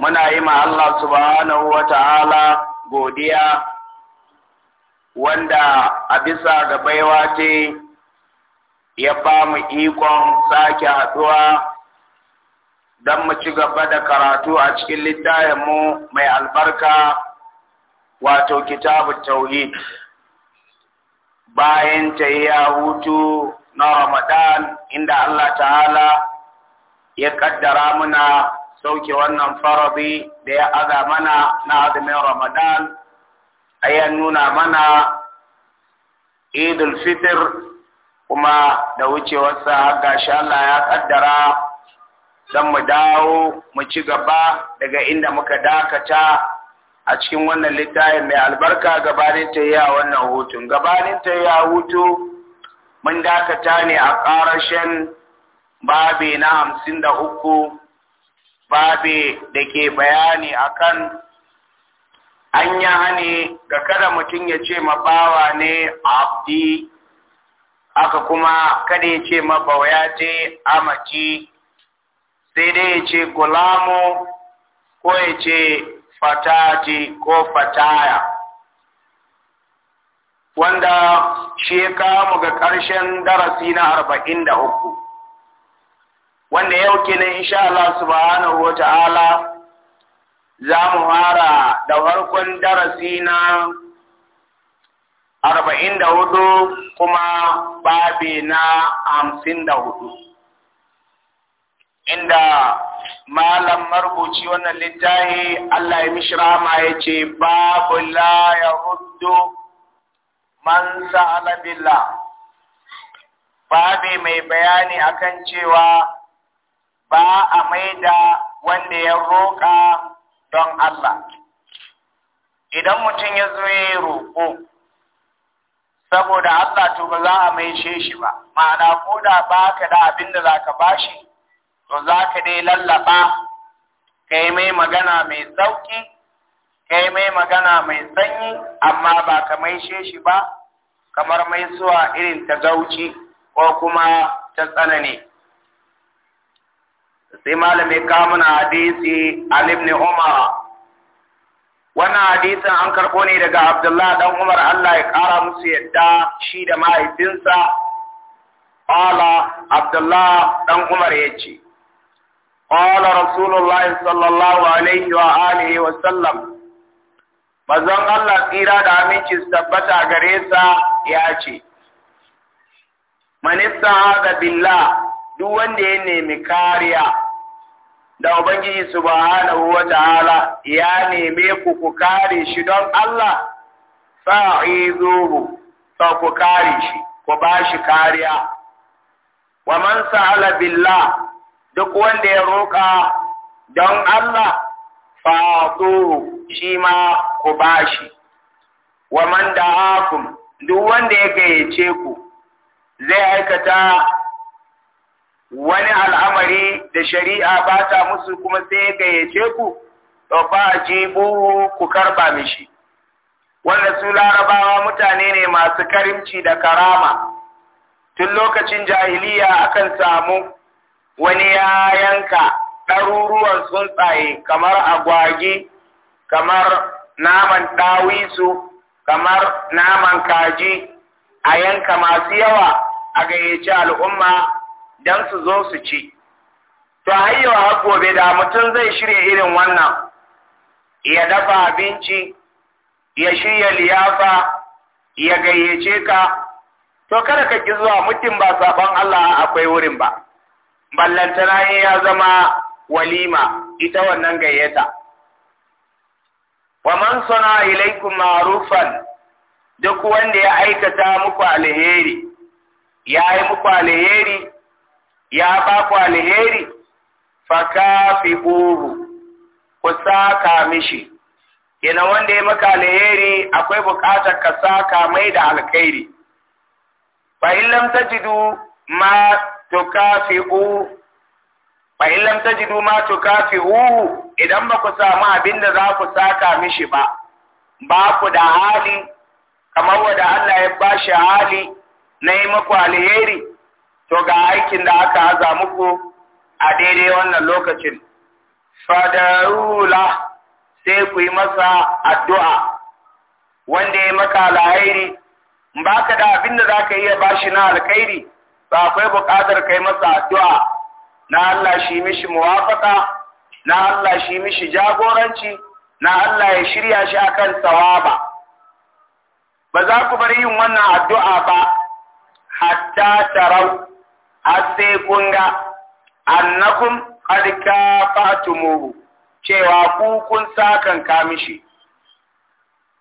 muna yi ma Allah subhanahu wa ta'ala godiya wanda a bisa ga baiwa ce ya ba mu ikon sake haɗuwa don mu ci gaba da karatu a cikin littafinmu mai albarka wato kitabu tauhid bayan ta yi hutu na ramadan inda Allah ta'ala ya ƙaddara muna sauke wannan farabi da ya aza mana na azumin Ramadan a ya nuna mana Idul Fitr kuma da wucewarsa ga sha Allah ya kaddara don mu dawo mu ci gaba daga inda muka dakata a cikin wannan littafin mai albarka gabanin ta yi a wannan hutun gabanin ta yi a hutu mun dakata ne a ƙarashen babi na hamsin da uku babe da ke bayani akan an yi hane ga kada mutum ya ce mabawa ne abdi aka kuma kada ya ce mabawa ya ce amaci sai dai ya ce gulamu ko ya ce fatati ko fataya wanda shi ya ga ƙarshen darasi na arba'in da uku wanda yau kenan insha Allah subhanahu wataala za mu fara da farkon darasi na arba'in da hudu kuma babi na hamsin da hudu inda malam marubuci wannan littafi Allah ya mishi rama ya ce babu la ya hudu man sa'ala babi mai bayani akan cewa ba a maida wanda ya roƙa don Allah. Idan mutum ya zo ya roƙo, saboda Allah to ba za a maishe shi ba, ma'ana ko da ba ka da abin da za ka bashi, to za ka dai lallaba, ka yi mai magana mai sauƙi, ka yi mai magana mai sanyi, amma ba ka maishe shi ba, kamar mai suwa irin ta gauci ko kuma ta tsanani. sai malami kamuna hadisi alim ne umar wannan hadisin an karɓo ne daga abdullahi dan umar allah ya ƙara musu yadda shi da mahaifinsa ƙwala abdullahi dan umar ya ce ƙwala Rasulallah sallallahu alaihi wa alihi wa sallam mazan allah tsira da aminci tabbata gare sa ya ce manista da billah duk wanda ya nemi kariya da Ubangiji subhanahu wa ta'ala ya neme ku ku kare shi don Allah fa'izuhu fa ku kare shi ku ba shi kariya wa man sa'ala billah duk wanda ya roƙa don Allah fa'atuhu shi ma ku ba shi wa man da'akum duk wanda ya gayyace ku zai aikata wani al'amari da shari'a ba ta musu kuma sai ya gayyace ku to fa buhu ku karba mishi wannan su larabawa mutane ne masu karimci da karama tun lokacin jahiliya akan samu wani ya yanka ɗaruruwan tsuntsaye kamar agwagi kamar naman ɗawisu kamar naman kaji a yanka masu yawa a gayyace al'umma don su zo su ci to hayyawa har gobe da mutum zai shirya irin wannan ya dafa abinci ya shirya liyafa ya gayyace ka to kada ka ki zuwa mutum ba sabon Allah akwai wurin ba ballantana ya zama walima ita wannan gayyata wa man sana ilaikum ma'rufan duk wanda ya aikata muku alheri ya yi muku alheri ya ba ku alheri fakafi'uhu ku saka mishi Ina wanda ya maka alheri akwai buƙatar ka saka mai da alkhairi fa in lam tajidu ma tukafihu fa in lam tajidu ma tukafihu idan ba ku samu abin da za ku saka mishi ba ba ku da hali kamar wanda Allah ya bashi hali na yi maku alheri to ga aikin da aka haza muku a daidai wannan lokacin fadarula sai ku yi masa addu'a wanda ya maka alhairi ba ka da abin da za ka iya ba shi na alkhairi ba akwai buƙatar kai masa addu'a na Allah shi mishi muwafaka na Allah shi mishi jagoranci na Allah ya shirya shi akan sawaba ba za ku bar yin wannan addu'a ba hatta tarau har kunga kun annakum qad kafatumuhu cewa ku kun sakan ka mishi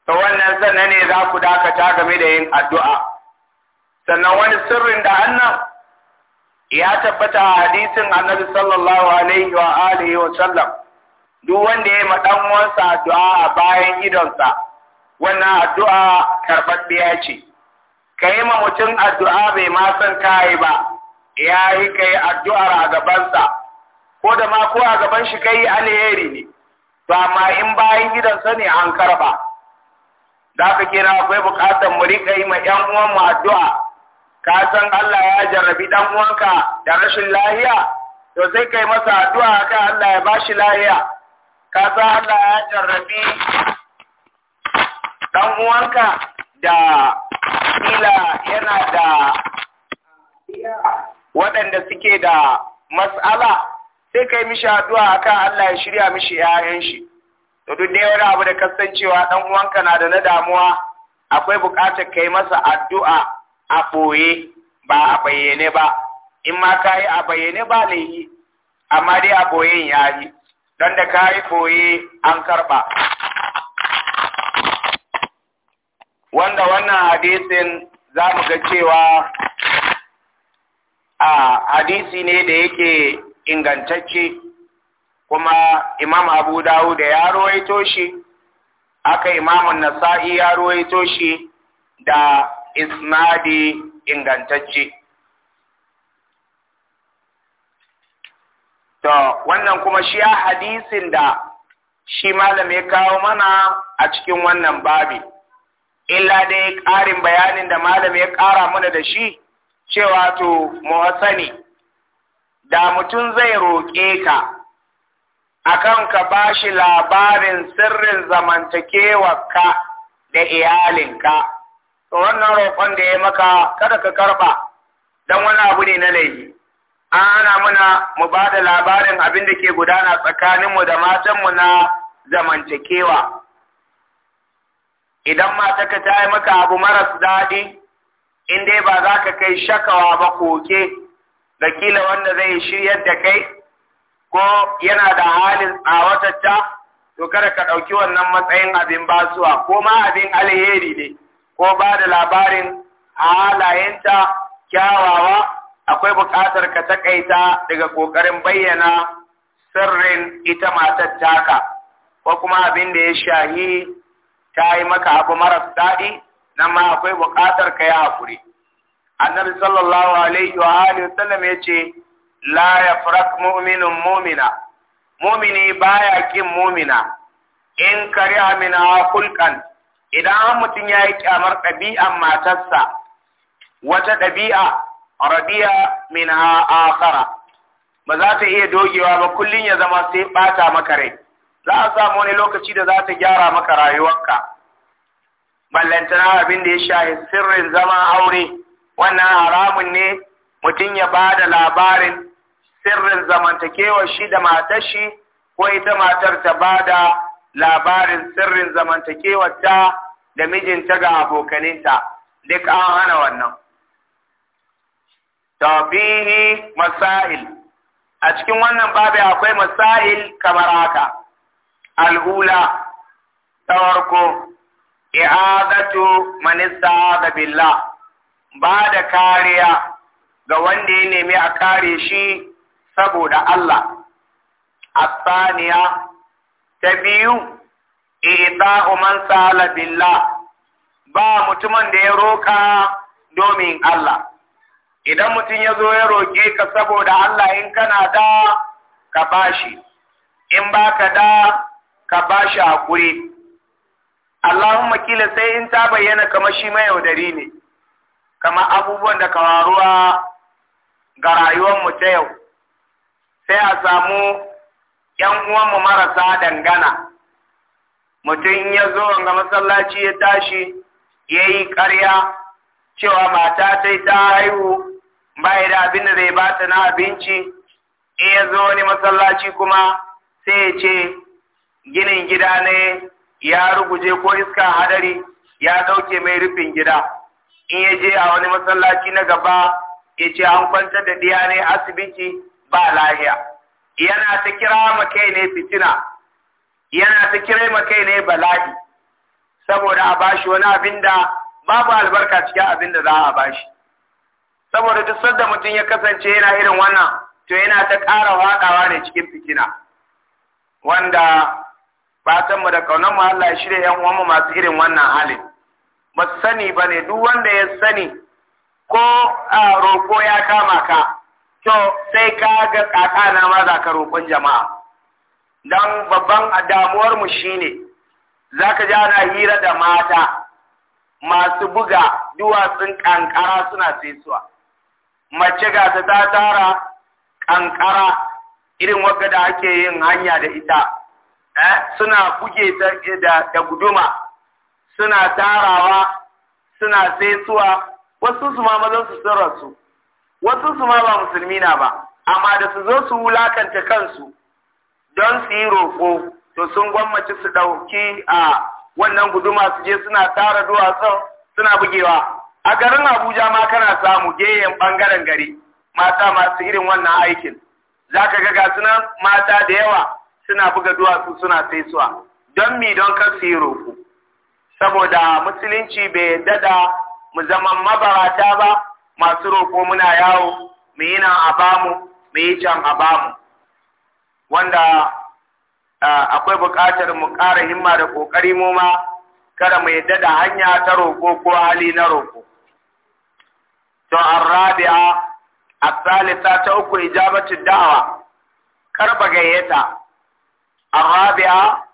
wannan sannan ne za ku dakata game da yin addu'a sannan wani sirrin da annan ya tabbata a hadisin annabi sallallahu alaihi wa alihi wa sallam duk wanda ya madan wansa addu'a a bayan idonsa wannan addu'a karɓaɓɓiya ce ka yi ma mutum addu'a bai ma san kayi ba ya yi kai addu'ar a gabansa ko da ma ko a gaban shi kai alheri ne to amma in bayan gidansa ne an karba da ka kira akwai bukatar mu rika yi ma yan uwan mu addu'a ka san Allah ya jarrabi dan uwanka da rashin lahiya to sai kai masa addu'a kan Allah ya ba shi lahiya ka san Allah ya jarrabi dan uwanka da kila yana da waɗanda suke da mas'ala sai kai mishi addu'a akan Allah ya shirya mishi 'ya'yan shi to duk da wani abu da kasancewa dan uwanka na da na damuwa akwai buƙatar kai masa addu'a a ɓoye ba a bayyane ba in ma ka yi a bayyane ba ne yi amma dai a ɓoyen ya yi don da ka yi ɓoye an karɓa wanda wannan hadisin za mu ga cewa a hadisi ne da yake ingantacce kuma imam abu da ya ruwaito shi aka imamun nasa'i ya ruwaito shi da isnadi ingantacce to wannan kuma shi hadisin da shi malam ya kawo mana a cikin wannan babi illa dai ƙarin bayanin da malam ya ƙara mana da shi cewa to muhassani da mutum zai roƙe ka akan ka ba shi labarin sirrin zamantakewarka da iyalinka to wannan roƙon da ya maka kada ka karɓa. don wani abu ne na laifi an ana muna mu ba da labarin abin da ke gudana tsakaninmu da matanmu na zamantakewa idan mataka ta yi maka abu maras daɗi in dai ba za ka kai shakawa ba koke da wanda zai shiryar da kai ko yana da halin tsawatacca to kada ka ɗauki wannan matsayin abin basuwa ko ma abin alheri ne ko ba da labarin halayenta kyawawa akwai buƙatar ka taƙaita daga ƙoƙarin bayyana sirrin ita matar taka ko kuma abin da ya shahi ta yi maka abu maras daɗi nan ma akwai buƙatar ka yi haƙuri annabi sallallahu alaihi wa alihi sallam ya ce la farak mu'minun mu'mina mu'mini baya kin mu'mina in Amina min hulqan idan mutum ya yi kyamar ɗabi'an matarsa wata ɗabi'a radiya min akhara ba za ta iya dogewa ba kullum ya zama sai bata maka rai za a samu wani lokaci da za ta gyara maka rayuwarka ballantana abin da ya shahi sirrin zama aure wannan haramun ne mutum ya ba da labarin sirrin zamantakewar shi da matar shi ko ita matar ta ba da labarin sirrin zamantakewar ta da mijinta ga abokaninta duk an hana wannan tabihi masail a cikin wannan babi akwai masail kamar haka al'ula ta farko i'adatu man ista'ada billah ba da kariya ga wanda ya nemi a kare shi saboda Allah asaniya ta biyu i'ta'u man sa'ala billah ba mutumin da ya roka domin Allah idan mutum ya zo ya roke ka saboda Allah in kana da ka bashi in baka da ka bashi hakuri Allahumma kila sai in ta bayyana kamar shi mai yaudari ne kamar abubuwan da kawaruwa ga rayuwar mu ta yau sai a samu ‘yan uwanmu marasa dangana, mutum ya zo ga masallaci ya tashi ya yi ƙarya cewa mata ta ta haihu bai da abin da zai bata na abinci, in ya zo wani masallaci kuma sai ya ce ginin gida ne ya ruguje ko iska hadari ya dauke mai rufin gida in ya je a wani masallaci na gaba ya ce an kwantar da diya ne asibiti ba lahiya yana ta kira ma kai ne fitina yana ta kira ma kai ne bala'i saboda a bashi wani abin da babu albarka cikin abin da za a bashi saboda duk sanda mutum ya kasance yana irin wannan to yana ta ƙara haɗawa ne cikin fitina wanda fatan mu da kaunar mu Allah ya shirya yan uwan mu masu irin wannan hali ba su sani ba ne duk wanda ya sani ko a roko ya kama ka to sai ka ga kaka na ma za ka roƙon jama'a dan babban damuwar mu shine zaka ji ana hira da mata masu buga duwatsun kankara suna saisuwa mace ga ta tara kankara irin wadda ake yin hanya da ita Eh? suna buge da guduma suna tarawa suna saisuwa wasu su ma mazan su sun rasu wasu su ma ba musulmi na ba amma da su zo su wulakanta kansu don su yi roƙo to sun gwammaci su ɗauki a wannan guduma su je suna tara duwatsun suna bugewa a garin abuja ma kana samu geyen ɓangaren gari mata masu irin wannan aikin za ka ga gasunan mata da yawa suna buga duwatsu suna saisuwa don mi don kar su yi roƙo saboda musulunci bai yadda da mu zama mabarata ba masu roƙo muna yawo mu yi nan a bamu mu yi can a bamu wanda akwai buƙatar mu ƙara himma da ƙoƙari mu ma kada mu yadda da hanya ta roƙo ko hali na roƙo to arrabi'a الثالثة ta uku ijabatu da'wa karba gayyata arabi'a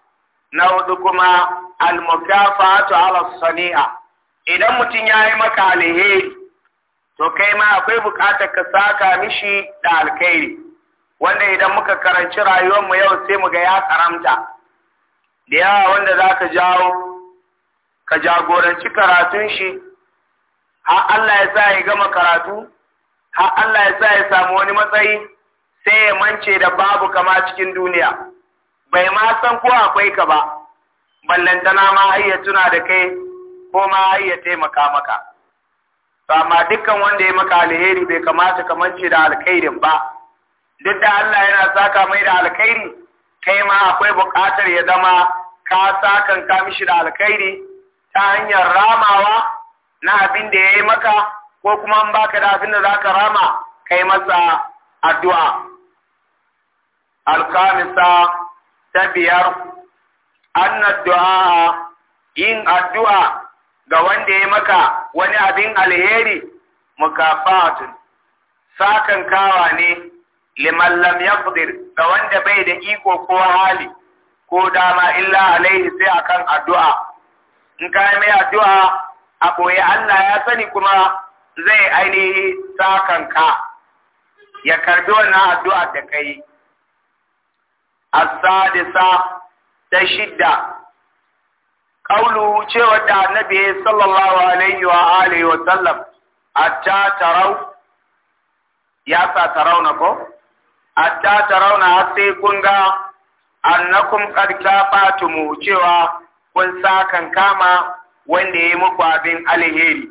na hudu kuma almukafatu ala sani'a idan mutum ya yi maka alheri to kai ma akwai bukatar ka saka mishi da alkhairi wanda idan muka karanci mu yau sai mu ga ya karamta da yawa wanda za ka jawo ka jagoranci karatun shi har Allah ya sa ya gama karatu har Allah ya sa ya samu wani matsayi sai ya mance da babu kama cikin duniya bai ma san ko akwai ka ba ballantana ma ayya tuna da kai ko ma ayya taimaka maka amma dukkan wanda ya maka alheri bai kamata kamar ce da alkhairin ba duk da Allah yana saka mai da alkhairi kai ma akwai buƙatar ya zama ka sakan ka mishi da alkhairi ta hanyar ramawa na abin da ya yi maka ko kuma an baka da abin da za ka rama kai masa addu'a alkamisa ta biyar anna du'a yin addu'a ga wanda ya maka wani abin alheri mukafatun sakan kawa ne liman lam yaqdir ga wanda bai da iko ko hali ko dama illa alaihi sai akan addu'a in ka mai addu'a a ɓoye Allah ya sani kuma zai ainihi sakan ka ya karbi wannan addu'a da kai asadisa ta shidda kaulu cewa da annabi sallallahu alaihi wa alihi wa sallam tarau ya sa tarau na ko atta tarau na hatta kun ga annakum qad cewa kun sa kan kama wanda yayi muku abin alheri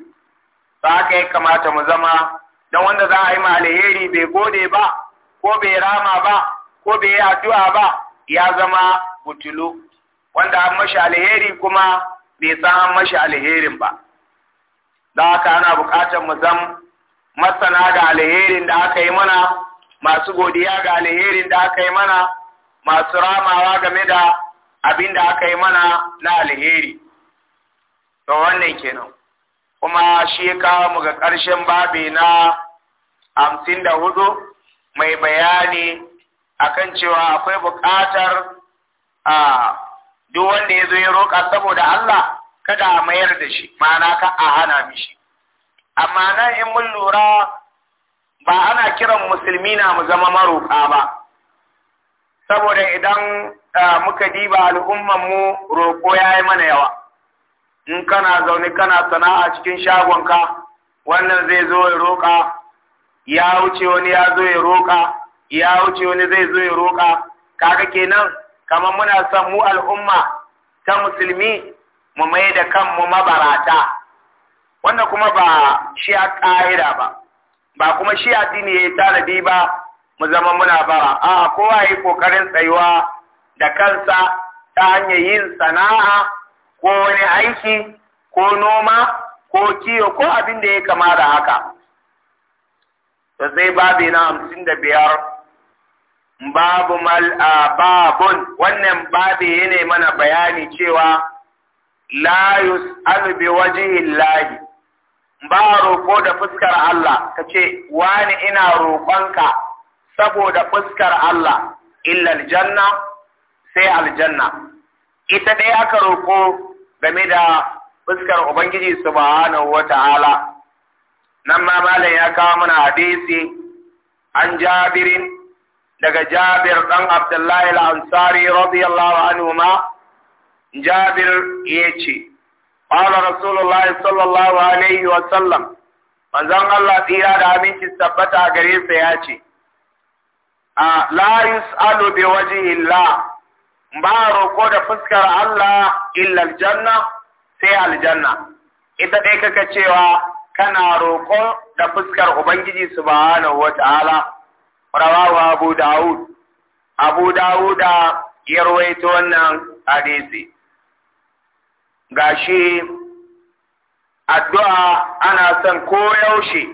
ba kai kamata mu zama dan wanda za a yi ma alheri bai gode ba ko bai rama ba ko bai yi addu'a ba ya zama butulu wanda an mashi alheri kuma bai san an mashi alherin ba Da haka ana bukatar mu zan masana ga alherin da aka yi mana masu godiya ga alherin da aka yi mana masu ramawa game da abin da aka yi mana na alheri to wannan kenan kuma shi ya kawo mu ga ƙarshen babi na hamsin da hudu mai bayani akan cewa akwai buƙatar a duk wanda ya zo ya roƙa saboda Allah kada a mayar da shi ma'ana ka a hana mishi amma nan in mun lura ba ana kiran musulmi na mu zama maroƙa ba saboda idan muka diba al'umman mu roƙo ya yi mana yawa in kana zaune kana sana'a cikin shagonka wannan zai zo ya roƙa ya wuce wani ya zo ya roƙa ya wuce wani zai zo ya roƙa kaga kenan kamar muna son mu al'umma ta musulmi mu mai da kanmu mabarata wanda kuma ba shi a ƙa'ida ba ba kuma shi addini ya yi tanadi ba mu zama muna bara a kowa ya yi ƙoƙarin tsayuwa da kansa ta hanyar yin sana'a ko wani aiki ko noma ko kiyo ko abin da ya kama da haka. Da sai babi na hamsin da biyar babu a babun wannan babi yana mana bayani cewa la albi bi wajhillahi ba roƙo da fuskar Allah kace wani ina roƙonka saboda fuskar Allah illa aljanna sai aljanna ita dai aka roƙo game da fuskar ubangiji subhanahu wata'ala nan ma malam ya kawo mana hadisi an jabirin daga Jabir ɗan Abdullahi al radiyallahu anhu ma Jabir yace qala Rasulullahi sallallahu alaihi wa sallam manzon Allah tsira da aminci tabbata gare sa yace a layus yus'alu bi illa. ba roƙo da fuskar Allah illal janna sai aljanna ita dai kaka cewa kana roƙo da fuskar Ubangiji subhanahu wa ta'ala rawahu abu daud abu dawuda ya rawaito wannan hadisi gashi addu'a ana son koyaushe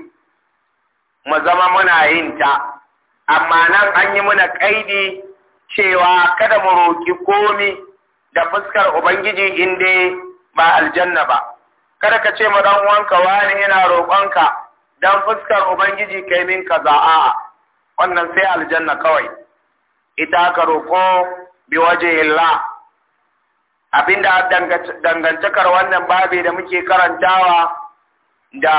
mu zama muna yin ta amma nan an yi muna kaidi cewa kada mu roki komi da fuskar ubangiji in dai ba aljanna ba kada ka ce ma dan wanka wani yana roƙonka dan fuskar ubangiji kai min kaza a'a wannan sai aljanna kawai ita aka roƙo bi waje illa abinda dangantakar wannan babi da muke karantawa da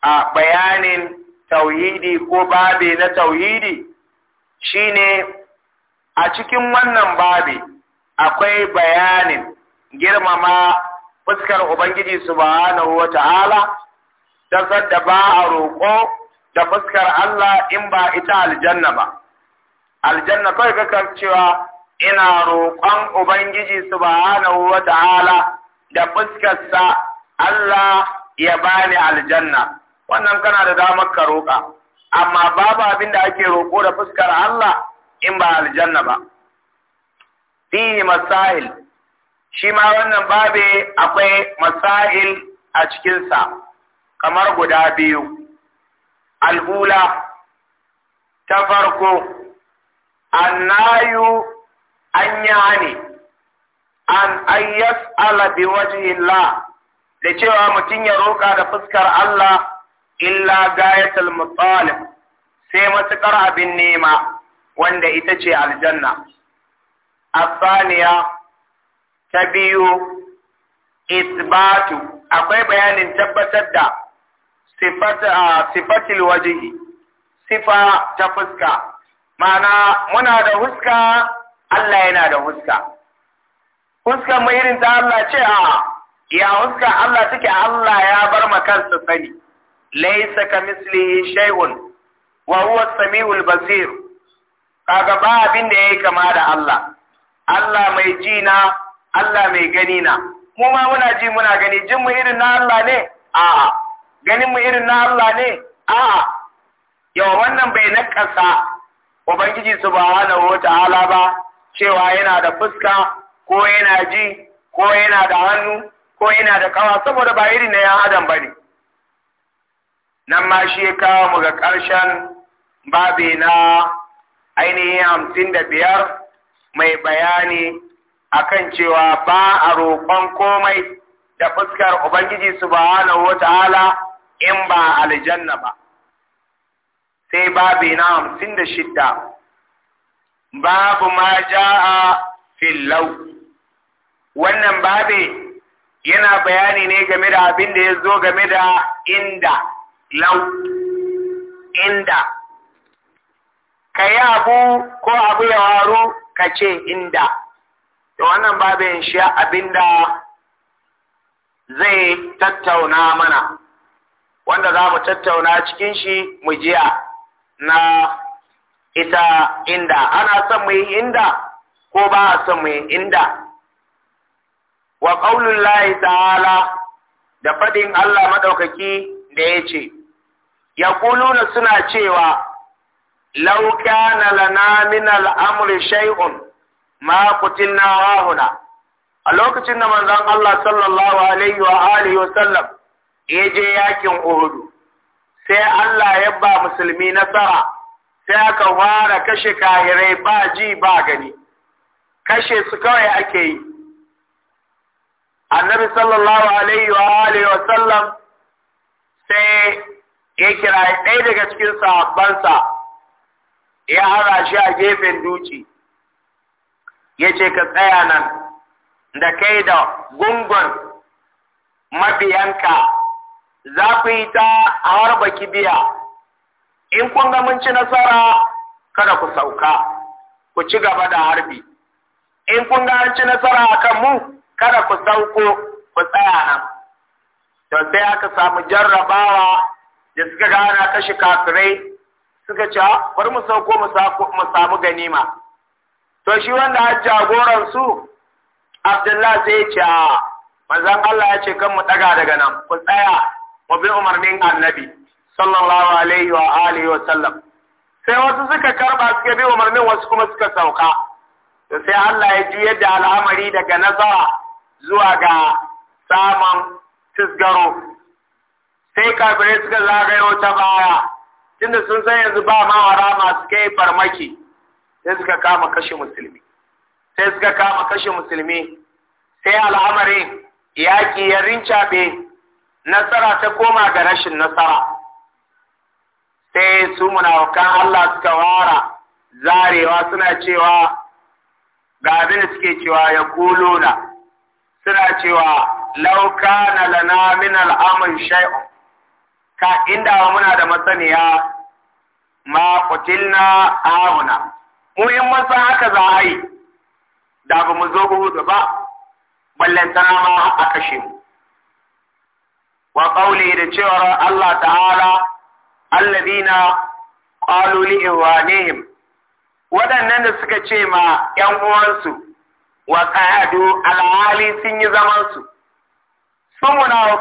a bayanin tauhidi ko babi na tauhidi shine a cikin wannan babi akwai bayanin girmama fuskar Ubangiji subhanahu wa ta'ala, da ba a roƙo da fuskar Allah in ba ita aljanna ba aljanna kawai ka cewa ina roƙon ubangiji su ba hana wa ta'ala da fuskarsa Allah ya bani aljanna wannan kana da damar ka roƙa amma babu abin da ake roƙo da fuskar Allah in ba aljanna ba fihi masahil, shi ma wannan babe akwai masahil a cikinsa kamar guda biyu al'ula ta farko annayu an yani an ayyas ala bi wajhillah da cewa mutum ya roƙa da fuskar Allah illa gayatul mutalib sai matuƙar abin nema wanda ita ce aljanna asaniya ta biyu isbatu akwai bayanin tabbatar da Ah, sifatil wajihi sifa ta fuska ma'ana muna da huska Allah yana da huska huskar mu irin ta Allah ce a ah, ya huska Allah take Allah ya bar ma kansa sani laysa kamislihi shay'un wa huwa as-sami'ul basir kaga ba abin da yayi kama da Allah Allah mai ji na Allah mai gani na mu muna ji muna gani jin mu irin na Allah ne a'a ganin mu irin na Allah ne a'a yau wannan bai nakasa ubangiji su subhanahu ta'ala ba cewa yana da fuska ko yana ji ko yana da hannu ko yana da kawa saboda ba irin na yan adam ba ne. nan ma shi ya kawo mu ga ƙarshen babi na ainihin hamsin da biyar mai bayani akan cewa ba a roƙon komai da fuskar Ubangiji su ba wa ta'ala in ba aljanna ba sai babi na hamsin da shidda babu ma ja'a fillau wannan babi yana bayani ne game da abin da ya zo game da inda lau inda ka yi abu ko abu ya waru ka ce inda da wannan babin shi abin da zai tattauna mana wanda za mu tattauna cikin shi mu jiya na ita inda ana son mu yi inda ko ba a son mu yi inda wa qaulul ta'ala da faɗin Allah madaukaki da yace yaquluna suna cewa law kana lana min al-amri shay'un ma qutilna a lokacin da manzon Allah sallallahu alaihi wa alihi wa ya je yakin Uhudu sai Allah ya ba musulmi nasara sai aka fara kashe kahirai ba ji ba gani kashe su kawai ake yi annabi sallallahu alaihi wa alihi wa sallam sai ya kira ɗaya daga cikin sahabbansa ya hara shi a gefen duci ya ce ka tsaya nan da kai da gungun mabiyanka za ku yi ta baki biya in kun ga mun ci nasara kada ku sauka ku ci gaba da harbi in kun ga an ci nasara a kan mu kada ku sauko ku tsaya nan to sai aka samu jarrabawa da suka ga ana kashe kafirai suka ce ah, bari mu sauko mu samu ganima to shi wanda a jagoran su abdullahi sai ya ce ah, Manzan Allah ya ce kan mu daga daga nan ku tsaya wa bi umarnin annabi sallallahu alaihi wa alihi wa sallam sai wasu suka karba suka bi umarnin wasu kuma suka sauka to sai Allah ya juyar da al'amari daga nazara zuwa ga saman tisgaro sai kafire suka zagayo ta baya tunda sun san yanzu ba mawara masu kai farmaki sai suka kama kashe musulmi sai suka kama kashe musulmi sai al'amarin yaƙi ya rincaɓe nasara ta koma ga rashin nasara sai su munafukan Allah suka wara zarewa suna cewa ga abin da suke cewa ya kuluna suna cewa lauka na lana min al'amun shay'un ka inda muna da masaniya ma kutilna ahuna muhimman san haka za a yi da ba mu zo hudu ba ballantana ma a kashe mu wa qawli da cewar Allah ta'ala alladina qalu li ihwanihim waɗannan da suka ce ma ‘yan uwansu wa qa'adu alhali sun yi zaman su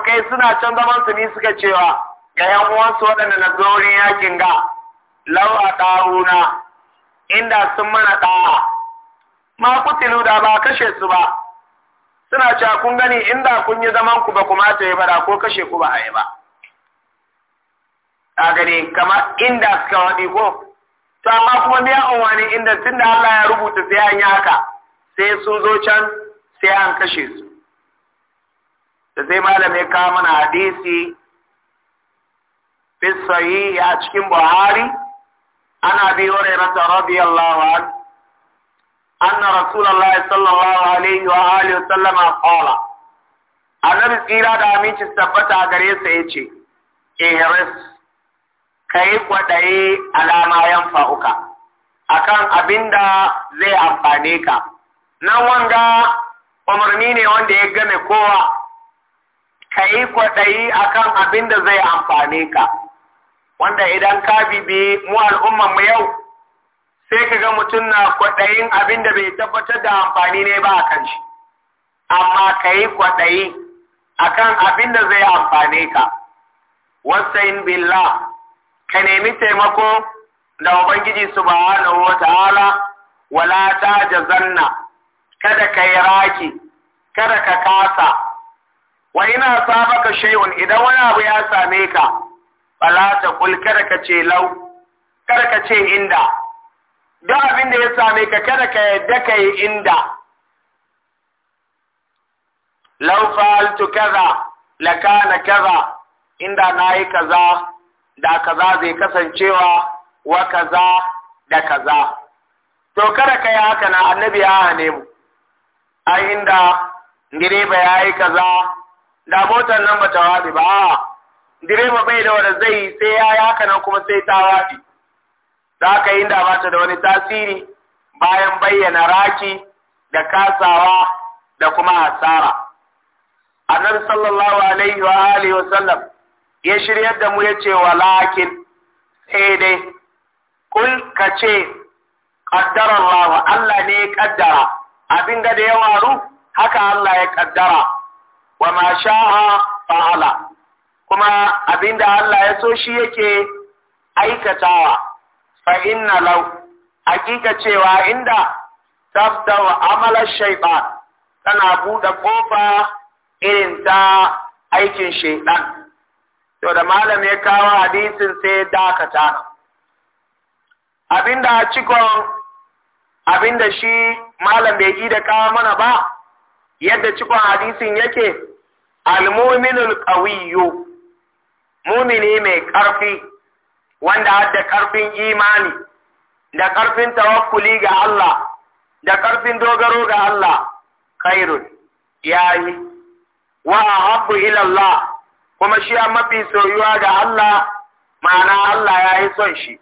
kai suna can zamansu ne suka cewa ga ‘yan uwansu waɗanda na zaurin yakin ga law a inda sun mana ɗa'a ma kutilu da ba kashe su ba suna cewa kun gani inda kun yi zaman ku ba kuma ta yi ba da ko kashe ku ba a yi ba a gani kamar inda suka waɗi ko to amma kuma an wani inda tun da Allah ya rubuta sai an yi haka sai sun zo can sai an kashe su da sai malamai ya kawo mana hadisi fi sahihi a cikin Buhari ana bi hurairah radiyallahu anhu anna Rasulallah sallallahu alaihi wa alihi wa sallama qala annabi tsira da aminci tabbata gare sa yace ihris kai kwadaye alama yan fa'uka akan abinda zai amfane ka nan wanga umarni ne wanda ya gane kowa kai kwadayi akan abinda zai amfane ka wanda idan ka bibi mu al'umma mu yau sai ka ga mutum na kwaɗayin abin da bai tabbatar da amfani ne ba a kan shi amma ka yi kwaɗayi a kan abin da zai amfane ka wasain billa ka nemi taimako da ubangiji ba wa ta'ala wala ta jazanna kada ka yi raki kada ka kasa wa ina sabaka shay'un idan wani abu ya same ka Bala ta kul kada ka ce lau kada ka ce inda Duk abin da ya same ka kada ka yadda ka yi inda laufaltu kaza lakana kaza inda na yi kaza da kaza zai kasancewa wa kaza da kaza to kada ka yi haka na annabi ya hane mu a inda direba ya yi kaza da motar nan ba ta waɗi ba direba bai da wanda zai yi sai ya yi haka nan kuma sai ta waɗi za ka inda da bata da wani tasiri bayan bayyana raki da kasawa da kuma hasara annabi sallallahu alaihi wa alihi wa sallam ya shiryar da mu ya ce wa walakin sai dai kul ka ce kaddara Allah Allah ne ya kaddara abin da ya waru haka Allah ya kaddara wa ma sha'a fa'ala kuma abin da Allah ya so shi yake aikatawa fa inna hakika cewa inda tabdaw amala shaytan tana buɗe ƙofa irin ta aikin shaiɗan. to da malam ya kawo hadisin sai dakata abinda cikon abinda shi malam bai yi da kawo mana ba yadda cikon hadisin yake al-mu'minul qawiyyu mu'mini mai ƙarfi wanda har da ƙarfin imani da ƙarfin tawakkuli ga Allah da ƙarfin dogaro ga Allah khairun yi wa ahabbu ila kuma shi mafi soyuwa ga Allah ma'ana Allah ya yi son shi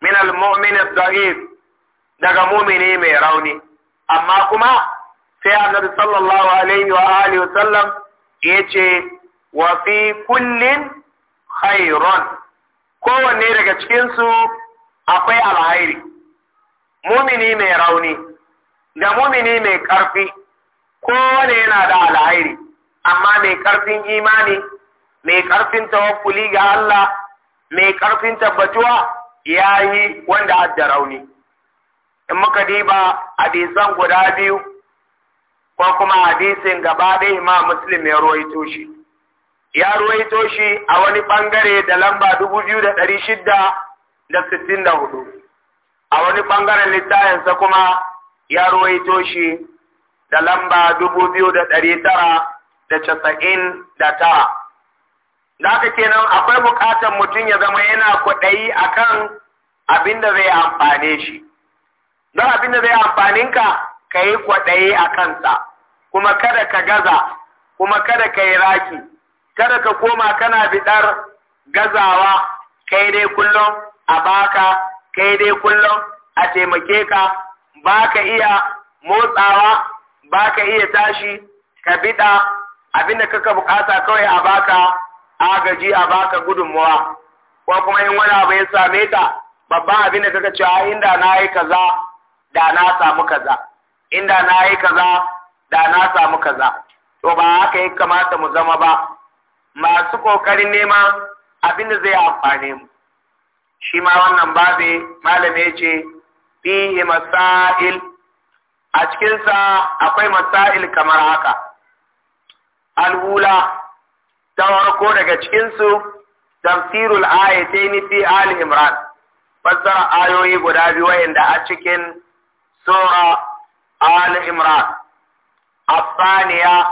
min al-mu'min daif daga mu'mini mai rauni amma kuma sai annabi sallallahu alaihi wa alihi wa sallam yace wa fi kullin khairun kowanne daga cikinsu akwai alhairi mumini mai rauni da mumini mai ƙarfi kowane yana da alhairi amma mai ƙarfin imani mai ƙarfin tawakkuli ga Allah mai ƙarfin tabbatuwa ya yi wanda adda rauni in muka diba hadisan guda biyu ko kuma hadisin gaba ɗaya ma muslim ya ruwaito shi ya ruwaito shi a wani bangare da lamba dubu biyu da ɗari shida da sittin da hudu a wani bangaren littayensa kuma ya ruwaito shi da lamba dubu biyu da ɗari tara da casa'in da tara da kenan akwai buƙatar mutum ya zama yana kwaɗayi akan abin da zai amfane shi don abin da zai amfaninka ka yi kwaɗayi a kansa kuma kada ka gaza kuma kada ka yi raki kada ka koma kana bidar gazawa kai dai kullum a baka kai dai kullum a taimake ka baka iya motsawa baka iya tashi ka bida abinda kaka bukata kawai a baka agaji a baka gudunmuwa ko kuma in wani abu ya same ka babban abinda kaka cewa inda na yi kaza da na samu kaza inda na yi kaza da na samu kaza to ba haka ya kamata mu zama ba masu ƙoƙarin nema abin da zai amfane mu shi ma wannan babe malame ce fihi masail a cikinsa akwai masail kamar haka Alwula, ta warko daga cikinsu tafsirul ayatayn fi ali imran fassara ayoyi guda biyu wayanda a cikin sura ali imran الثانية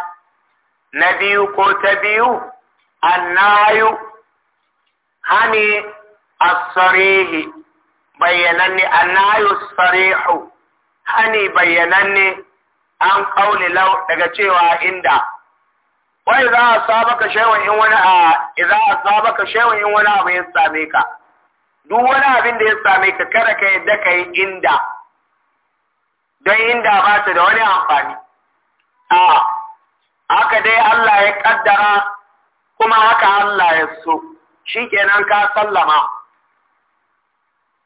na biyu ko ta biyu annayu hani asarihi sarihi bayyananne annayu sarihu hani bayyananne an kauli lau daga cewa inda wa idza asabaka shay'un in wani a saba ka shay'un in wani abu ya same ka duk wani abin da ya same ka kada ka yadda ka yi inda don inda ba su da wani amfani a haka dai Allah ya kaddara kuma haka Allah ya so shi kenan ka sallama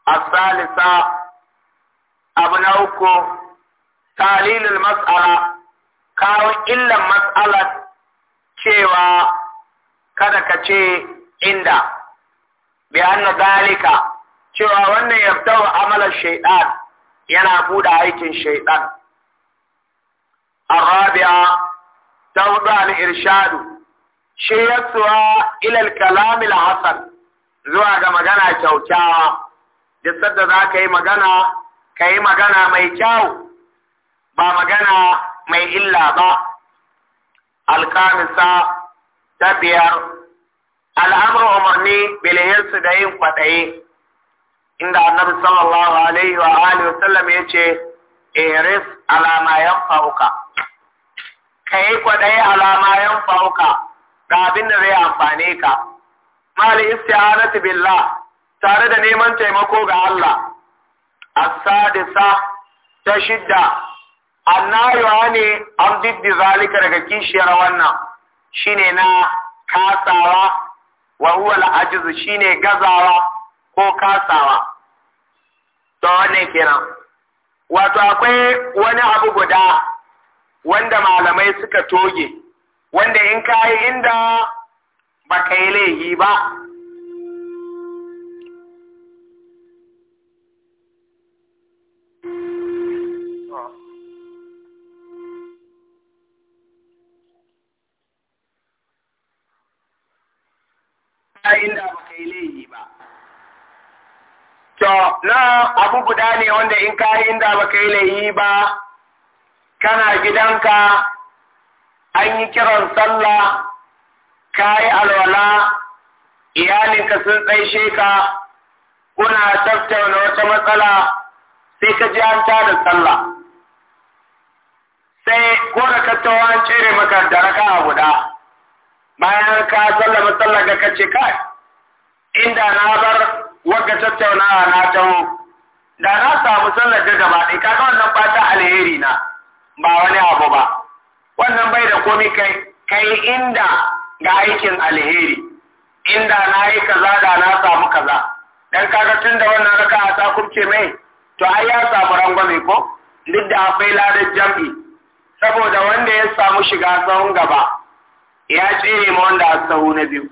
asalisa abu na uku talilul mas'ala kawo illan mas'alar cewa kada ka ce inda bi anna dalika cewa wannan yabtahu amalar shaiɗan yana buɗe aikin shaiɗan. الرابعة تفضل irshadu shi yasuwa ilal kalamil hasan zuwa ga magana kyaukyawa duk sadda za ka yi magana ka yi magana mai kyau ba magana mai illa ba alkamisa ta biyar al'amur umarni biliyarsu da yin kwaɗaye inda annabi sallallahu alaihi wa alihi wasallam ya ce iris alamayan fauka ka yi kwaɗaye alamayan fauka ga abin da zai amfane ka mal na billah tare da neman taimako ga Allah as-sadisa ta shidda annayo ne an diddi zalika daga kishiyar wannan shine na kasawa wa huwa al shine gazawa ko kasawa to wannan kiran. wato akwai wani abu guda wanda malamai suka toge wanda in ka yi inda ba ka yi laihi ba to na abu guda ne wanda in ka yi inda ba ka yi laihi ba kana gidanka an yi kiran sallah ka yi alwala iyalinka sun tsaishe ka kuna tattauna wata matsala sai ka ji an tada sallah sai ko da ka tawo an cire maka da raka a guda bayan ka sallama matsala ga kace kai inda na bar wagga tattaunawa na tawo da na samu sallar da gaba ɗaya kaga wannan fata alheri na ba wani abu ba wannan bai da komi kai kai inda ga aikin alheri inda na yi kaza da na samu kaza dan kaga tunda da wannan raka a kurce mai to ai ya samu rangwame ko duk da akwai ladar jam'i saboda wanda ya samu shiga tsawon gaba ya tsere ma wanda a sahu na biyu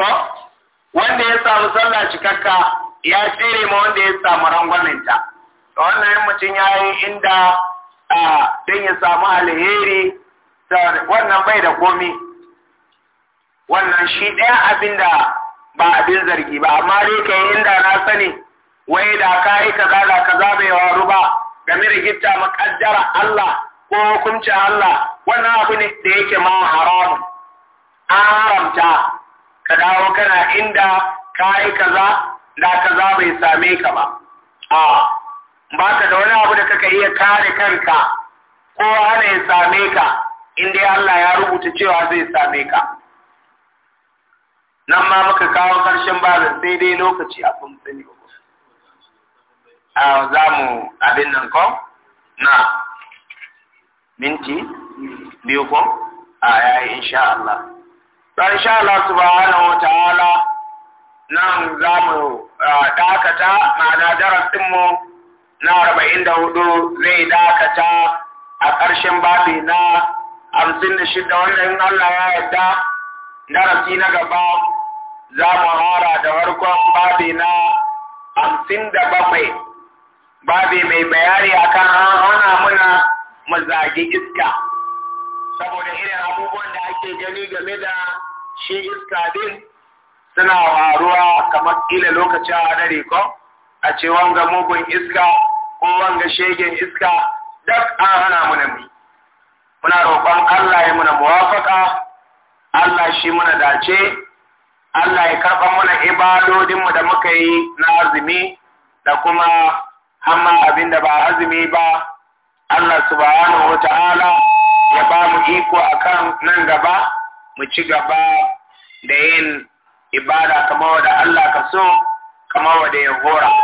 ko wanda ya samu sallah cikakka ya tsere ma wanda ya samu ta? to wannan mutum ya yi inda a don ya samu alheri da wannan bai da komi wannan shi ɗaya abin da ba abin zargi ba amma dai ka yi inda na sani wai da ka yi kaza da kaza bai waru ba game da gitta makaddara Allah ko hukuncin Allah wannan abu ne da yake ma haramun an haramta ka dawo kana inda ka yi kaza da kaza bai same ka ba ba ka da wani abu da kaka iya kare kanka ko hana ya same ka inda Allah ya rubuta cewa zai same ka nan ma muka kawo karshen bazan sai dai lokaci a kun sani a za mu abin nan ko na minti biyu ko a yayi insha Allah ba insha Allah subhanahu wata ta'ala nan za mu dakata ma'ana darasinmu na arba'in da hudu zai dakata a ƙarshen babi na hamsin da shida wanda in Allah ya yarda darasi na gaba za mu hara da farkon babi na hamsin da bakwai babi mai bayani a kan hana muna mu zagi iska saboda irin abubuwan da ake gani game da shi iska din suna faruwa kamar ƙila lokacin a dare ko a ce wanga mugun iska ko ga shegen iska duk an hana mu nabi muna roƙon Allah ya muna muwafaka Allah shi muna dace Allah ya karɓa muna ibadodinmu da muka yi na azumi da kuma hamma abin da ba azumi ba Allah subhanahu wa ta'ala ya ba mu iko akan nan gaba mu ci gaba da yin ibada kamar da Allah ka so kamar da ya hora.